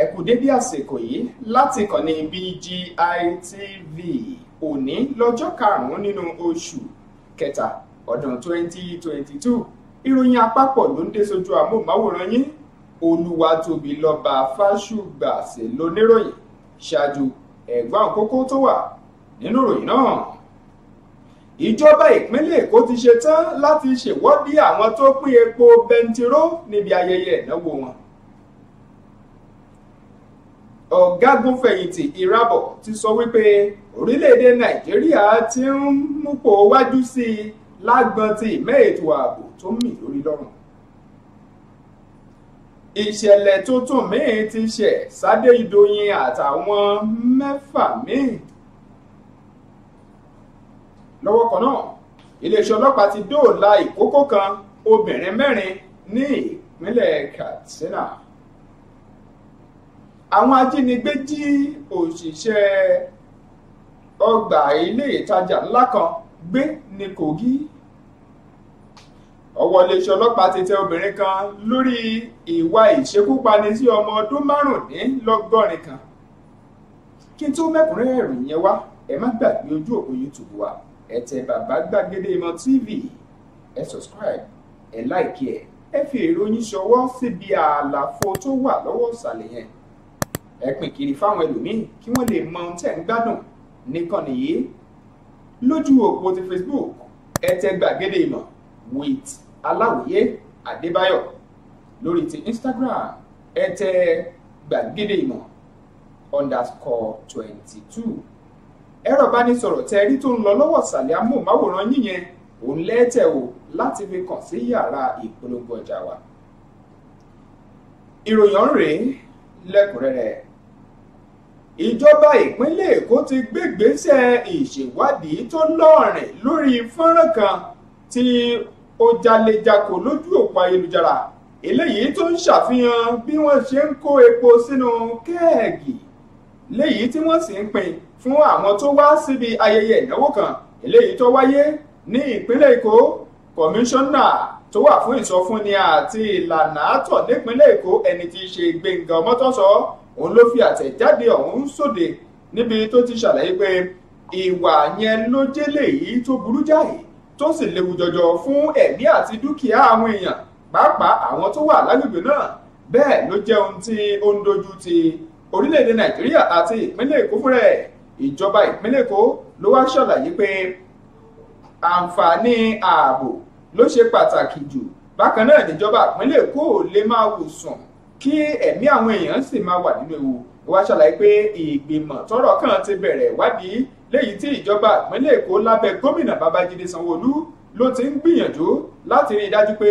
ẹ kú dédé àsìkò yìí láti kànnì BGI TV òní lọ́jọ́ karùn-ún nínú oṣù kẹta ọdún 2022 ìròyìn àpapọ̀ ló ń dé sójú amóhùnmáwòrán yín olúwatóbi lọ́ba fáṣùgbà sí lóníròyìn ṣáájú ẹ̀gbọ́n kókó tó wà nínú ìròyìn náà ìjọba ìpínlẹ̀ èkó ti ṣe tán láti ṣèwọ́de àwọn tó pín epo bẹntiró níbi ayẹyẹ ìnáwó wọn ọ̀gágun fẹ̀yìntì ìràbọ̀ ti sọ wípé orílẹ̀-èdè nàìjíríà ti ń múpò wájú sí i lágbọn ti ìmẹ́ ètò ààbò tó ń mì lórí lọ́rùn. ìṣẹ̀lẹ̀ tuntun míì ti ṣẹ̀ sáde ìdòyìn àtàwọn mẹ́fà míì. lọ́wọ́ kan náà iléeṣẹ́ ọlọ́pàá ti dóòlà ìkókó kan obìnrin mẹ́rin ní ìpínlẹ̀ Katsina àwọn ajínigbé jí òṣìṣẹ́ ọgbà ilé ìtajà ńlá kan gbé ní Kogi ọwọ́ iléeṣẹ́ ọlọ́pàá ti tẹ obìnrin kan lórí ìwà ìṣekúpani sí ọmọ ọdún márùndínlọ́gọ́rin kan kí n tó mẹ́kúnrẹ́rẹ́ ìròyìn yẹn wá ẹ má gbàgbé ojú òpó YouTube wa ẹ tẹ bàbá gbàgede ìmọ̀ TV ẹ subscribe ẹ like ẹ ẹ fi èrò yín ṣọwọ́ síbi àlàfo tó wà lọ́wọ́ ìsàlẹ̀ yẹn ẹ pín kiri fáwọn ẹlòmíín kí wọ́n lè mọ ohun tẹ̀ ń gbádùn níkànnì yìí lójú òpó ti Facebook ẹ tẹ gbàgede ìmọ̀ with aláwòye adébáyọ̀ lórí ti Instagram ẹ tẹ gbàgede underscore twenty two ẹ̀rọ ìbánisọ̀rọ̀ tẹ rí tó ń lọ lọ́wọ́ ìsàlẹ̀ amóhùnmáwòrán yín yẹn òun lẹ́tẹ̀ o láti fi kàn sí yàrá ìpolongo ọjà wa ìròyìn rèé lẹ́kùnrẹ́rẹ́ ìjọba ìpínlẹ̀ èkó ti gbégbésẹ̀ ìṣèwádìí tó lọ́ọ̀rìn lórí fọ́nrán kan tí ó jalejako lójú òpó ayélujára eléyìí tó ń ṣàfihàn bí wọ́n ṣe ń kó epo sínú kẹ́ẹ̀gì léyìí tí wọ́n sì ń pín fún àwọn tó wá síbi ayẹyẹ ìnáwó kan eléyìí tó wáyé ní ìpínlẹ̀ èkó kọmíṣánná tó wà fún ìsọfúnni àti ìlànà àtọ̀ nípínlẹ̀ èkó ẹni tí í ṣe gbẹ̀ngàn ọmọtọ́sọ òun ló fi àtẹ̀jáde ọ̀hún sóde níbi tó ti ṣàlàyé pé ìwà yẹn ló jẹ́lẹ̀ yìí tó burú jáì tó sì léwu jọjọ fún ẹ̀mí àti dúkìá àwọn èèyàn pàápàá àwọn tó wà lágbègbè náà bẹ́ẹ̀ ló jẹ́ ohun tí ó ń dojú ti orílẹ̀-èdè nàìjíríà àti ìpínlẹ̀ èkó fúnra ẹ̀ ìjọba ìpínlẹ̀ èkó ló wá ṣàlàyé pé àǹfààní ààbò ló ṣe pàtàkì jù bákan náà níjọba ìpínlẹ̀ èkó ò lè máa wò sùn kí ẹ̀mí àwọn èèyàn sì máa wà nínú ewu wá ṣàlàyé pé ìgbìmọ̀ tọ́rọ̀ kan ti bẹ̀rẹ̀ ìwádìí léyìí tí ìjọba ìpínlẹ̀ Èkó lábẹ́ gómìnà Babájídé Sanwó-Olú ló ti ń gbìyànjú láti rí i dájú pé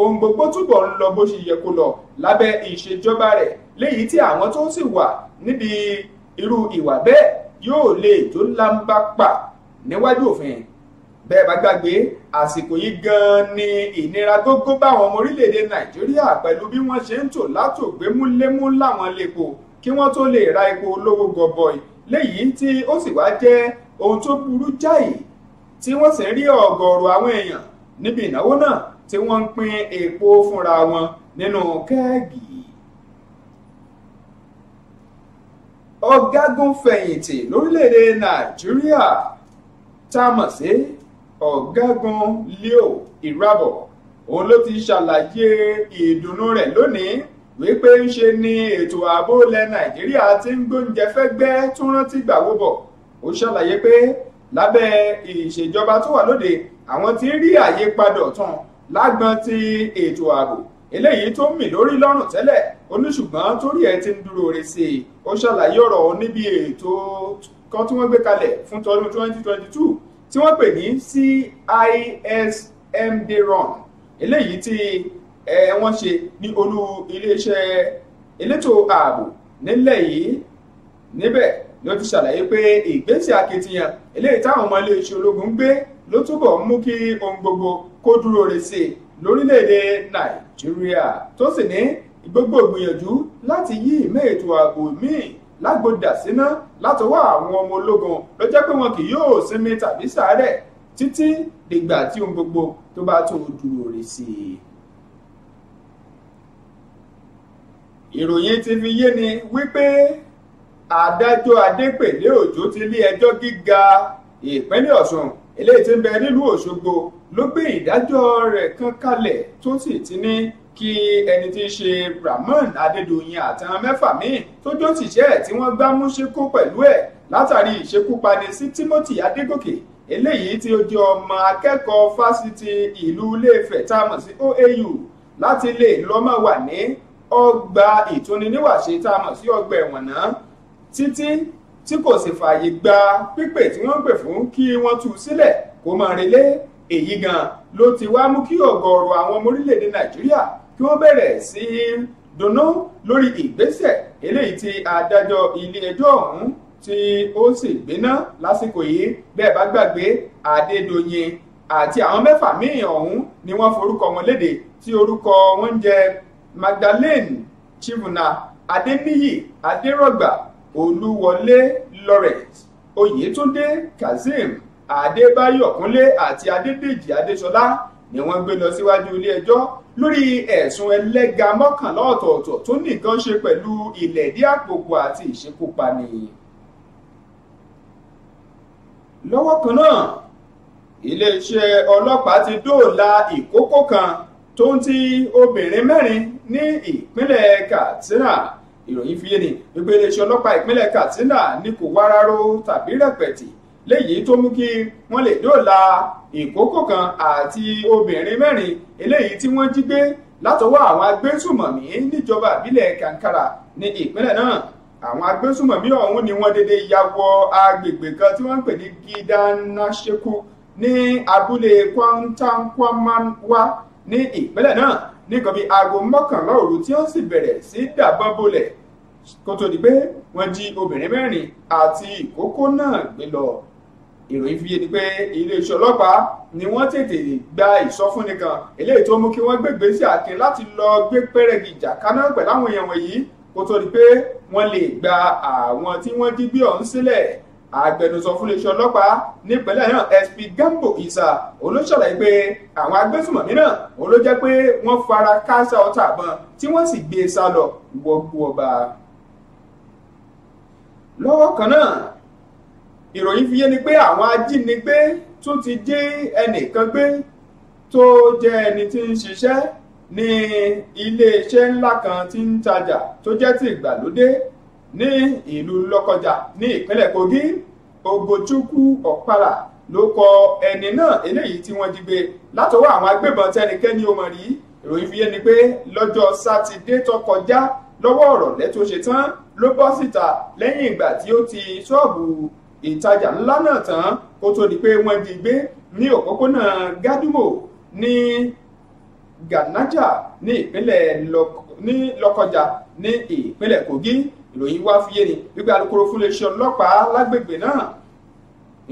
ohun gbogbo túbọ̀ ń lọ bó ṣe yẹ kó lọ lábẹ́ ìṣèjọba rẹ̀ léyìí tí àwọn tó sì wà nídìí irú ìwà bẹ́ẹ̀ yóò lè jó lámbá pa níwájú òfin bẹ́ẹ̀ bá gbàgbé àsìkò yìí gan-an ni ìnira gógó bá àwọn ọmọ orílẹ̀-èdè nàìjíríà pẹ̀lú bí wọ́n ṣe ń tò látògbé múlémú láwọn lépo kí wọ́n tó lè ra epo olówó gọbọi léyìí tí ó sì wá jẹ́ ohun tó burú jáì tí wọ́n sì ń rí ọ̀gọ̀ọ̀rọ̀ àwọn èèyàn níbi ìnáwó náà tí wọ́n ń pín epo fúnra wọn nínú kẹ́ẹ̀gì. ọ̀gágun fẹ̀yìntì lórílẹ̀‐èdè nàìjíríà tá a mọ̀ sí ọ̀gágun leo irabor òun ló ti ṣàlàyé ìdùnnú rẹ̀ lónìí wípé ń ṣe ni ètò ààbò ilẹ̀ nàìjíríà ti ń gbóúnjẹ fẹ́gbẹ́ tó rántí gbàwó bọ̀ ó ṣàlàyé pé lábẹ́ ìṣèjọba tó wà lóde àwọn ti rí àyípadà ọ̀tun lágbọn ti ètò ààbò eléyìí tó ń mì lórí lọ́rùn tẹ́lẹ̀ oníṣùgbọ́n torí ẹ̀ ti ń dúró re sí i ó ṣàlàyé ọ̀rọ̀ níbi ètò kan tí wọ́n gbé kalẹ̀ fún tọdún 2022 tí wọ́n pè ní CISMD run eléyìí tí wọ́n ṣe ní olú iléeṣẹ́ elétò ààbò nílẹ̀ yìí níbẹ̀ ló ti ṣàlàyé pé ìgbésẹ̀ akitiyan eléyìí táwọn ọmọ iléeṣẹ́ ológun ń gbé ló túbọ̀ mú kí ohun gbogbo kó dúró re sí i lórílẹ̀‐èdè nàìjíríà tó sì ní gbogbo ìgbìyànjú láti yí ìmọ̀ ètò ààbò míì lágbódà síná látọwọ́ àwọn ọmọ ológun ló jẹ́ pé wọn kì yóò sinmi tàbí sàárẹ̀ títí dìgbà tí ohun gbogbo tó bá tó dúró rè sí i. ìròyìn ti fi yé ni wípé adájọ́ adépèlé òjó ti ilé ẹjọ́ gíga ìpínlẹ̀ ọ̀ṣun eléyìí ti ń bẹ nílùú òṣogbo ló gbé ìdájọ́ rẹ̀ kan kalẹ̀ tó sì ti ní kí ẹni tí í ṣe Rahmon Adédoyin àtàwọn mẹ́fà míì tó jó tìṣẹ́ tí wọ́n gbá mú ṣekú pẹ̀lú ẹ̀ látàrí ìṣekúpani sí Timothy Adégòkè eléyìí tí ó jẹ́ ọmọ akẹ́kọ̀ọ́ fásitì ìlú ilé tá a mọ̀ sí OAU láti lè lọ́mọ wà ní ọgbà ìtúniníwàṣe tá a mọ̀ sí ọgbà ẹ̀wọ̀n náà títí tí kò sì fààyè gba pípè tí wọ́n ń pè fún kí wọ́n tú u kó máa relé èyí gan ló ti wá mú kí ọ̀gọ̀ọ̀rọ̀ àwọn ọmọ orílẹ̀-èdè Nàìjíríà kí wọ́n bẹ̀rẹ̀ sí í dunnú lórí ìgbésẹ̀ eléyìí tí adájọ́ ilé-ẹjọ́ ọ̀hún tí ó sì gbéná lásìkò yìí bẹ́ẹ̀ bá gbàgbé Adédoyin àti àwọn mẹ́fà míì ọ̀hún ni wọ́n forúkọ wọn léde tí orúkọ wọn ń jẹ́ Magdalene Chivuna Adéníyì Adérọ̀gbà Olúwọlé Lawrence Oyètúndé Kazeem Adébáyọ̀ Kúnlé àti Adédèjì Adéṣọlá ni wọ́n gbé lọ síwájú ilé ẹjọ́ lórí ẹ̀sùn ẹlẹ́ga mọ́kànlá ọ̀tọ̀ọ̀tọ̀ tó ní nǹkan ṣe pẹ̀lú ìlẹ̀dí àpòpọ̀ àti ìṣekúpani. lọ́wọ́ kan náà iléeṣẹ́ ọlọ́pàá ti dóòlà ìkókó kan tó ń ti obìnrin mẹ́rin ní ìpínlẹ̀ Katsina ìròyìn fi ni wípé iléeṣẹ́ ọlọ́pàá ìpínlẹ̀ Katsina ní kò wá tàbí rẹpẹtì léyìí tó mú kí wọ́n lè dóòlà ìkókó kan àti obìnrin mẹ́rin eléyìí tí wọ́n jí gbé látọwọ́ àwọn agbésùmọ̀mí níjọba ìbílẹ̀ Kankara ní ìpínlẹ̀ náà àwọn agbésùmọ̀mí ọ̀hún ni wọ́n dédé ya wọ agbègbè kan tí wọ́n ń pè ní Gidanaseku ní abúlé kwantankwamanwa ní ìpínlẹ̀ náà ní nǹkan bíi aago mọ́kànlá òru tí ó sì bẹ̀rẹ̀ sí dàbọn bolẹ̀ kó tó di pé wọ́n jí obìnrin mẹ́rin àti ìkókó náà gbé lọ ìròyìn fi yé ni pé iléeṣẹ́ ọlọ́pàá ni wọ́n tètè gba ìsọfúnni kan eléyìí tó mú kí wọ́n gbé gbèsè àkin láti lọ gbé pẹ́rẹ́gì jà kaná pẹ̀lú àwọn èèyàn wọ̀nyí kó tó di pé wọ́n lè gba àwọn tí wọ́n jí gbé ọ̀hún sílẹ̀ agbẹnusọ fún iléeṣẹ́ ọlọ́pàá nípínlẹ̀ náà sp gambo isa olóṣàlàyé pé àwọn agbésùmọ̀mí náà òun ló jẹ́ pé wọ́n fara káásá ọta àbọn tí wọ́n sì gbé e sá lọ wọgbọọba. lọ́wọ́ kan náà ìròyìn fi yé ni pé àwọn ajínigbé tún ti jí ẹnìkan gbé tó jẹ́ ẹni tí ń ṣiṣẹ́ ní iléeṣẹ́ ńlá kan tí ń tajà tó jẹ́ ti ìgbàlódé ní ìlú lọ́kọjà ní ìpínlẹ̀ Kogi Ogochukwu Okpara ló kọ ẹni náà eléyìí tí wọ́n jí gbé látọwọ́ àwọn agbébọn tẹnikẹ́ni ó mọ̀ rí ìròyìn fi yé ni pé lọ́jọ́ sátidé tó kọjá lọ́wọ́ ọ̀rọ̀ lẹ́tọ́ ṣe tán ló bọ́ síta lẹ́yìn ìgbà tí ó ti ṣọ́ọ̀bù ìtajà ńlá náà tán kó tó di pé wọ́n jí gbé ní òpópónà Gadumo ní Ganaja ní ìpínlẹ̀ Lọ́kọjà ní ìpínlẹ̀ Kogi ìròyìn wá fi yé ni wípé alukoro fún iléeṣẹ́ ọlọ́pàá lágbègbè náà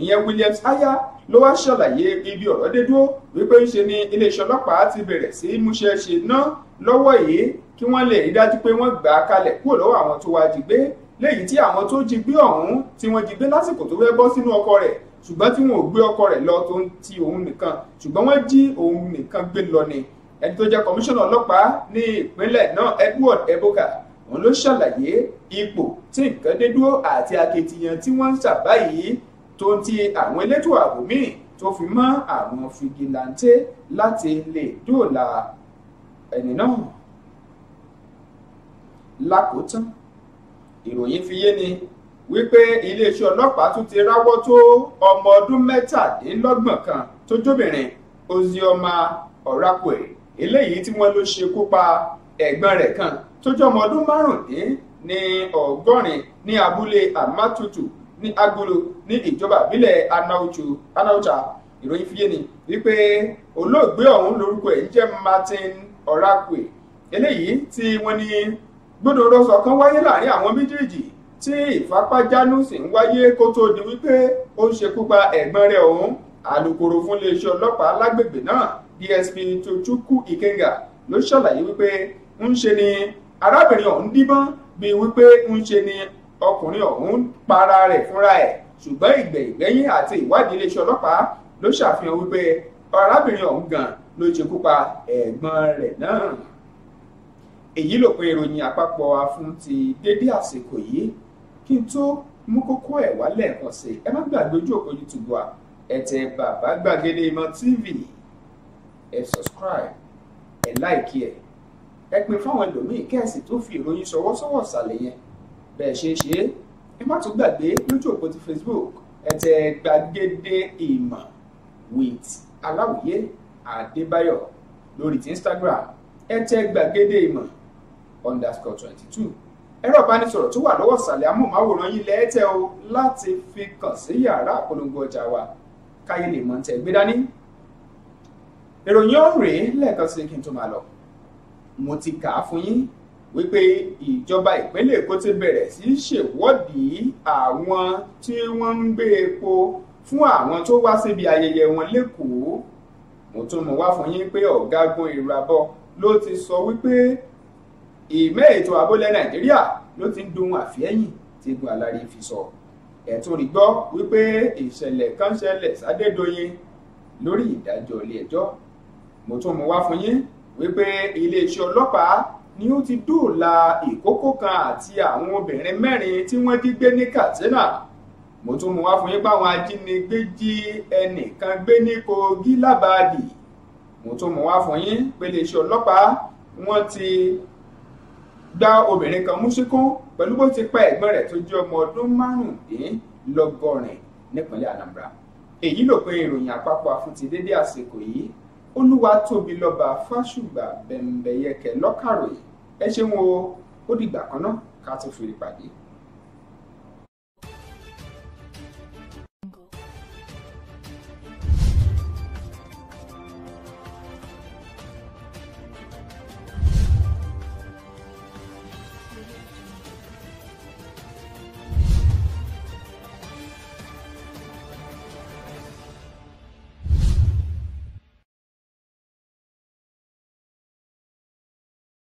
ìyẹn Williams Aya ló wá ṣàlàyé ibi ọ̀rọ̀ dé dúró wípé ńṣe ni iléeṣẹ́ ọlọ́pàá ti bẹ̀rẹ̀ sí múṣẹ ṣe ná lọ́wọ́ yìí kí wọ́n lè rí dájú pé wọ́n gbà á kalẹ̀ kúrò lọ́wọ́ àwọn tó wá jí gbé léyìí tí àwọn tó jí gbé ọ̀hún tí wọ́n jí gbé lásìkò tó fẹ́ bọ́ sínú ọkọ rẹ̀ ṣùgbọ́n tí wọn ò gbé ọkọ rẹ̀ lọ tó ń ti òun nìkan ṣùgbọ́n wọ́n jí òun nìkan gbé lọ ni ẹni tó jẹ́ kọmíṣánná ọlọ́pàá ní ìpínlẹ̀ náà Edward Eboka òun ló ṣàlàyé ipò tí nǹkan dé dúró àti akitiyan tí wọ́n ń ṣàbá yìí tó ń ti àwọn elétò ààbò míì tó fi mọ́ àwọn fìgìláńtẹ́ láti lè dóòlà ẹni náà lákòótán ìròyìn fi yé ni wípé iléeṣẹ́ ọlọ́pàá tún ti ráwọ́ tó ọmọ ọdún mẹ́tàdínlọ́gbọ̀n kan tó jóbìnrin ozioma ọ̀rápùè eléyìí tí wọ́n ló ṣekú pa ẹ̀gbọ́n rẹ̀ kan tó jẹ́ ọmọ ọdún márùndín ní ọgọ́rin ní abúlé amatutu ní agolo ní ìjọba ìbílẹ̀ anautu ìròyìn fi yé ni wípé olóògbé ọ̀hún lórúkọ ẹ̀ ń jẹ́ martin ọ̀rápùè eléyìí tí wọ́n ní gbódòrò ṣọ̀kan wáyé láàrin àwọn méjèèjì tí ìfapájánú sì ń wáyé kó tó di wípé ó ń ṣekú pa ẹ̀gbọ́n rẹ̀ ọ̀hún alūkkóró fún iléeṣẹ́ ọlọ́pàá lágbègbè náà DSP Tochukwu Ikenga ló ṣàlàyé wípé ń ṣe ni arábìnrin ọ̀hún díbọ́n bíi wípé ń ṣe ni ọkùnrin ọ̀hún para rẹ̀ fúnra ẹ̀ ṣùgbọ́n ìgbẹ̀ ìgbẹ́yìn àti ìwádìí iléeṣẹ́ ọlọ́pàá ló ṣàfihàn wípé arábìnrin ọ̀hún gan ló ṣekú pa ẹ̀gbọ́n rẹ̀ náà èyí lòpin ìròyìn àpapọ̀ afún ti dédé àsìkò yìí kí n tó mú kókó ẹ̀ wá lẹ́ẹ̀kan sí ẹ má gbàgbé ojú òpó youtube wa ẹ bàbá gbàgede ìmọ̀ tv ẹ subscribe ẹ láìkí ẹ ẹ pin fáwọn ẹlòmíín kẹ́ẹ̀sì tó fi ìròyìn ṣọwọ́sọwọ́ ṣàlẹ̀ yẹn bẹ́ẹ̀ ṣe é ṣe é ẹ má tún gbàgbé lójú òpó ti facebook ẹ tẹ gbàgede ìmọ̀ with aláwìyé adébáyọ̀ lórí ti instagram ẹ tẹ gbàgede ìmọ̀ underscore twenty two ẹ̀rọ ìbánisọ̀rọ̀ tó wà lọ́wọ́ ìsàlẹ̀ amóhùnmáwòrán yín lẹ́ẹ̀tẹ̀ o láti fi kàn sí yàrá àpolongo ọjà wa káyé lè mọ̀ ń tẹ̀ gbé dání. ìròyìn ọ̀hún rèé lẹ́ẹ̀kan sí kí n tó máa lọ. mo ti kà á fún yín wípé ìjọba ìpínlẹ̀ èkó ti bẹ̀rẹ̀ sí í ṣèwọ́dìí àwọn tí wọ́n ń gbé epo fún àwọn tó wá síbi ayẹyẹ wọn lẹ́kọ̀ọ́ mo tún mọ̀ wá fún yín pé ọ̀gágun ìràbọ̀ ló ti sọ wípé ìmẹ́ ètò àbólẹ̀ nàìjíríà ló ti ń dun àfihẹ́yìn tí egun alárí fi sọ ẹ̀tún rí gbọ́ wípé ìṣẹ̀lẹ̀ kan ṣẹlẹ̀ sádédọyìn lórí ìdájọ́ ilé ẹjọ́ mo tún mú wá fún yín wípé iléeṣẹ́ ọlọ́pàá ni ó ti dóòlà ìkókó kan àti àwọn obìnrin mẹ́rin tí wọ́n jí gbé ní Katsina mo tún mú wá fún yín báwọn ajínigbé jí ẹnìkan gbé ní Kogi lábàdì mo tún mú wá fún yín pé iléeṣẹ́ ọlọ́pàá wọ́n ti gba obìnrin kan mú síkún pẹ̀lú bó ti pa ẹ̀gbọ́n rẹ̀ tó jẹ́ ọmọ ọdún márùndínlọ́gọ́rin nípínlẹ̀ Anambra èyí ló pé ìròyìn àpapọ̀ àfúntìdédé àsìkò yìí olúwa tóbi lọ́ba fáṣùgbà bẹ̀m̀bẹ̀yẹkẹ̀ lọ́kàròyìn ẹ ṣeun o ó dìgbà kan náà ká pàdé.